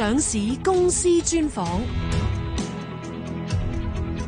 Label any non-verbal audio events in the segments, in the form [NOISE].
上市公司專訪。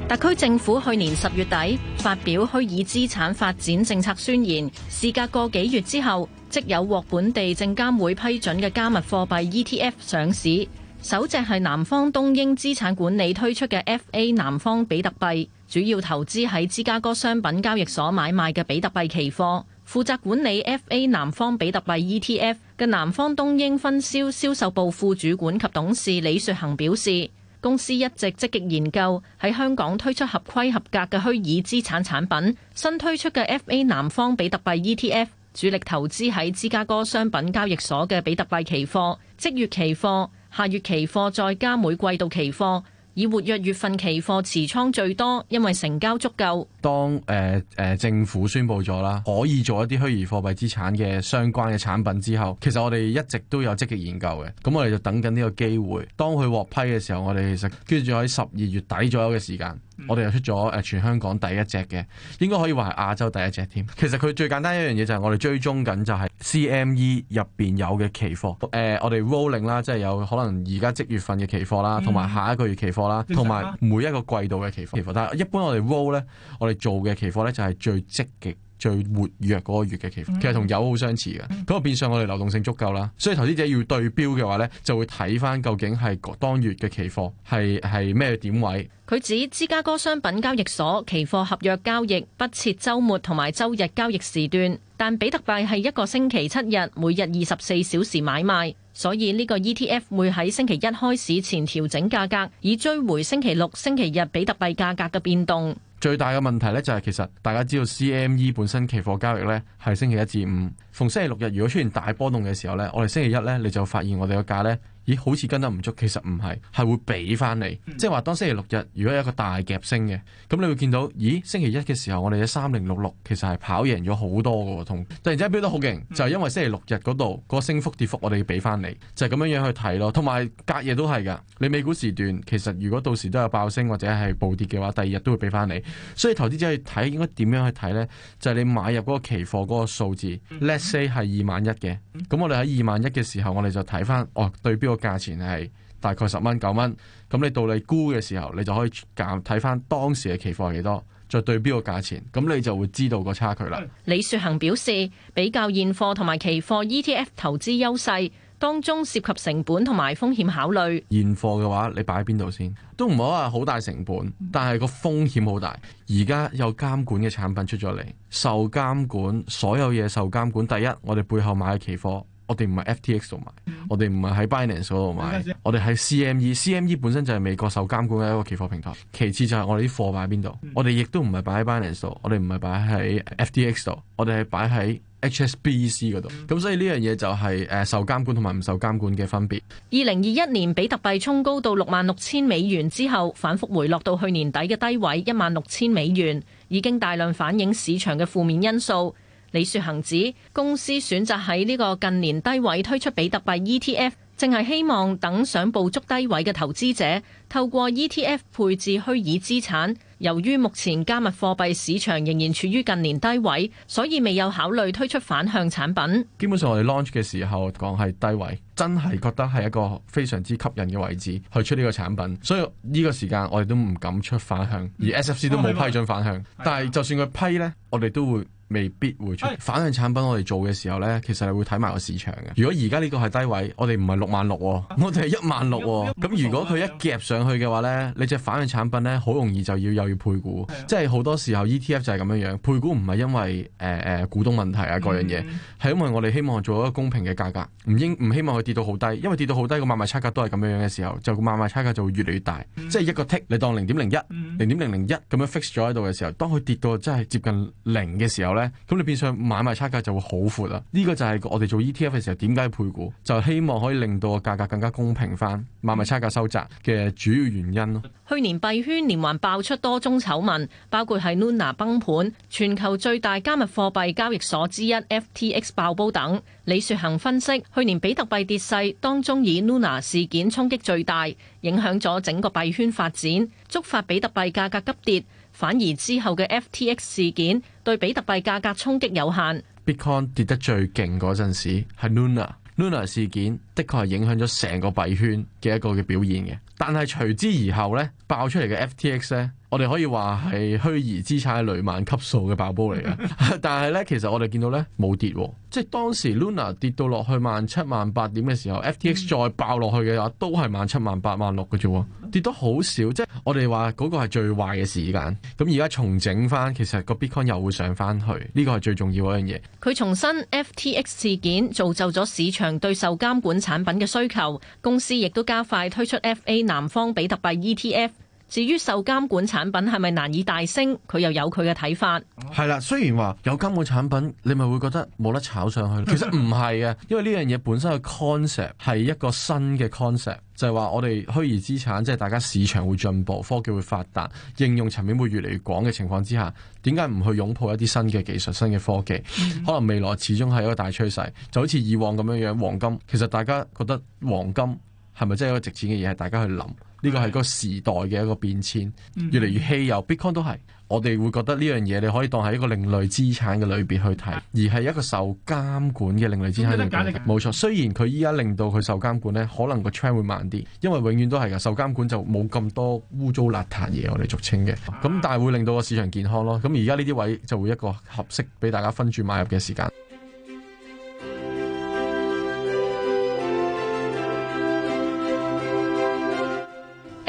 特區政府去年十月底發表虛擬資產發展政策宣言，事隔個幾月之後，即有獲本地證監會批准嘅加密貨幣 ETF 上市。首只係南方東英資產管理推出嘅 FA 南方比特幣，主要投資喺芝加哥商品交易所買賣嘅比特幣期貨。負責管理 FA 南方比特幣 ETF 嘅南方東英分銷銷售部副主管及董事李雪恒表示，公司一直積極研究喺香港推出合規合格嘅虛擬資產產品。新推出嘅 FA 南方比特幣 ETF 主力投資喺芝加哥商品交易所嘅比特幣期貨，即月期貨、下月期貨，再加每季度期貨。以活躍月份期貨持倉最多，因為成交足夠。當誒誒、呃呃、政府宣布咗啦，可以做一啲虛擬貨幣資產嘅相關嘅產品之後，其實我哋一直都有積極研究嘅。咁我哋就等緊呢個機會，當佢獲批嘅時候，我哋其實跟住喺十二月底左右嘅時間。 [NOISE] 我哋又出咗全香港第一隻嘅，應該可以話係亞洲第一隻添。其實佢最簡單一樣嘢就係我哋追蹤緊就係 CME 入邊有嘅期貨，誒、呃、我哋 rolling 啦，即係有可能而家即月份嘅期貨啦，同埋下一個月期貨啦，同埋每一個季度嘅期貨。但係一般我哋 roll 咧，我哋做嘅期貨咧就係最積極。最活躍嗰個月嘅期貨，其實同油好相似嘅，咁啊變相我哋流動性足夠啦，所以投資者要對標嘅話呢，就會睇返究竟係當月嘅期貨係係咩點位。佢指芝加哥商品交易所期貨合約交易不設週末同埋周日交易時段，但比特幣係一個星期七日，每日二十四小時買賣，所以呢個 ETF 會喺星期一開始前調整價格，以追回星期六、星期日比特幣價格嘅變動。最大嘅問題呢，就係其實大家知道 CME 本身期貨交易呢，係星期一至五。逢星期六日如果出現大波動嘅時候呢，我哋星期一呢，你就發現我哋個價呢，咦，好似跟得唔足，其實唔係，係會俾翻你，即係話當星期六日如果有一個大夾升嘅，咁你會見到，咦，星期一嘅時候我哋嘅三零六六其實係跑贏咗好多嘅喎，同突然之間飆得好勁，就係因為星期六日嗰度個升幅跌幅我哋要俾翻你，就係咁樣樣去睇咯，同埋隔夜都係噶，你美股時段其實如果到時都有爆升或者係暴跌嘅話，第二日都會俾翻你，所以投資者去睇應該點樣去睇呢？就係你買入嗰個期貨嗰個數字 C 係二萬一嘅，咁我哋喺二萬一嘅時候我們，我哋就睇翻哦對標個價錢係大概十蚊九蚊，咁你到你沽嘅時候，你就可以減睇翻當時嘅期貨係幾多，再對標個價錢，咁你就會知道個差距啦。李雪恒表示，比較現貨同埋期貨 ETF 投資優勢。當中涉及成本同埋風險考慮，現貨嘅話你擺喺邊度先？都唔好話好大成本，但係個風險好大。而家有監管嘅產品出咗嚟，受監管，所有嘢受監管。第一，我哋背後買嘅期貨，我哋唔係 FTX 度買，我哋唔係喺 Binance 度買，我哋係 CME，CME 本身就係美國受監管嘅一個期貨平台。其次就係我哋啲貨擺喺邊度，我哋亦都唔係擺喺 Binance 度，我哋唔係擺喺 FTX 度，我哋係擺喺。HSBC 嗰度，咁所以呢樣嘢就係誒受監管同埋唔受監管嘅分別。二零二一年比特幣沖高到六萬六千美元之後，反復回落到去年底嘅低位一萬六千美元，已經大量反映市場嘅負面因素。李雪恒指，公司選擇喺呢個近年低位推出比特幣 ETF。淨係希望等想捕捉低位嘅投資者透過 ETF 配置虛擬資產。由於目前加密貨幣市場仍然處於近年低位，所以未有考慮推出反向產品。基本上我哋 launch 嘅時候講係低位，真係覺得係一個非常之吸引嘅位置去出呢個產品。所以呢個時間我哋都唔敢出反向，而 SFC 都冇批准反向。但係就算佢批呢，我哋都會。未必會出是反向產品，我哋做嘅時候呢，其實你會睇埋個市場嘅。如果而家呢個係低位，我哋唔係六萬六，啊、我哋係、哦、一萬六。咁如果佢一夾上去嘅話呢，的你隻反向產品呢，好容易就要又要配股，的即係好多時候 ETF 就係咁樣樣。配股唔係因為誒誒、呃、股東問題啊各樣嘢，係、嗯嗯、因為我哋希望做一個公平嘅價格，唔應唔希望佢跌到好低，因為跌到好低個買賣差價都係咁樣樣嘅時候，就個買賣差價就會越嚟越大。嗯、即係一個 tick，你當零點零一、零點零零一咁樣 fix 咗喺度嘅時候，當佢跌到真係接近零嘅時候呢。咁你變相買賣差價就會好闊啦，呢個就係我哋做 ETF 嘅時候點解配股，就希望可以令到個價格更加公平翻，買賣差價收窄嘅主要原因咯。去年幣圈連環爆出多宗醜聞，包括係 Luna 崩盤、全球最大加密貨幣交易所之一 FTX 爆煲等。李雪恒分析，去年比特幣跌勢當中，以 Luna 事件衝擊最大，影響咗整個幣圈發展，觸發比特幣價格急跌。反而之後嘅 FTX 事件對比特幣價格衝擊有限。Bitcoin 跌得最勁嗰陣時係 Luna，Luna 事件的確係影響咗成個幣圈嘅一個嘅表現嘅。但係隨之而後咧爆出嚟嘅 FTX 咧。我哋可以話係虛擬資產雷曼級數嘅爆煲嚟嘅，但係咧，其實我哋見到咧冇跌，即係當時 Luna 跌到落去萬七萬八點嘅時候，FTX 再爆落去嘅話，都係萬七萬八萬六嘅啫，跌得好少。即係我哋話嗰個係最壞嘅時間。咁而家重整翻，其實個 Bitcoin 又會上翻去，呢個係最重要嗰樣嘢。佢重申，FTX 事件造就咗市場對受監管產品嘅需求，公司亦都加快推出 FA 南方比特幣 ETF。至於受監管產品係咪難以大升，佢又有佢嘅睇法。係啦，雖然話有監管產品，你咪會覺得冇得炒上去。其實唔係啊，因為呢樣嘢本身嘅 concept 係一個新嘅 concept，就係話我哋虛擬資產，即係大家市場會進步、科技會發達、應用層面會越嚟越廣嘅情況之下，點解唔去擁抱一啲新嘅技術、新嘅科技？可能未來始終係一個大趨勢，就好似以往咁樣樣黃金。其實大家覺得黃金係咪真係一個值錢嘅嘢，大家去諗。呢個係個時代嘅一個變遷，越嚟越稀有。Bitcoin 都係，我哋會覺得呢樣嘢你可以當係一個另類資產嘅裏邊去睇，而係一個受監管嘅另類資產嚟睇。冇錯，雖然佢依家令到佢受監管呢，可能個 trend 會慢啲，因為永遠都係嘅，受監管就冇咁多污糟邋遢嘢，我哋俗稱嘅。咁但係會令到個市場健康咯。咁而家呢啲位就會一個合適俾大家分注買入嘅時間。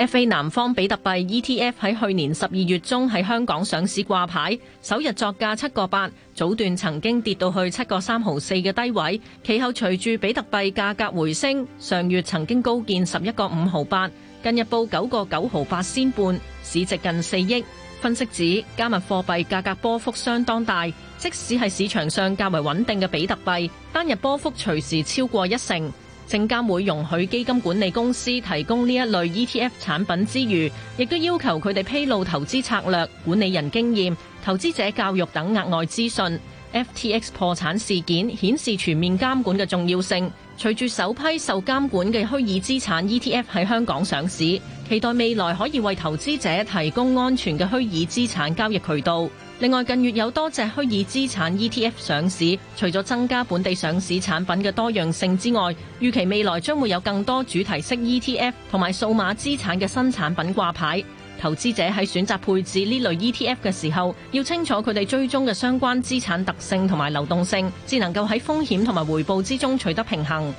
FA 南方比特幣 ETF 喺去年十二月中喺香港上市掛牌，首日作價七個八，早段曾經跌到去七個三毫四嘅低位，其後隨住比特幣價格回升，上月曾經高見十一個五毫八，近日報九個九毫八仙半，市值近四億。分析指加密貨幣價格波幅相當大，即使係市場上較為穩定嘅比特幣，單日波幅隨時超過一成。證監會容許基金管理公司提供呢一類 ETF 產品之餘，亦都要求佢哋披露投資策略、管理人經驗、投資者教育等額外資訊。FTX 破產事件顯示全面監管嘅重要性。隨住首批受監管嘅虛擬資產 ETF 喺香港上市，期待未來可以為投資者提供安全嘅虛擬資產交易渠道。另外，近月有多隻虛擬資產 ETF 上市，除咗增加本地上市產品嘅多樣性之外，預期未來將會有更多主題式 ETF 同埋數碼資產嘅新產品掛牌。投資者喺選擇配置呢類 ETF 嘅時候，要清楚佢哋追蹤嘅相關資產特性同埋流動性，至能夠喺風險同埋回報之中取得平衡。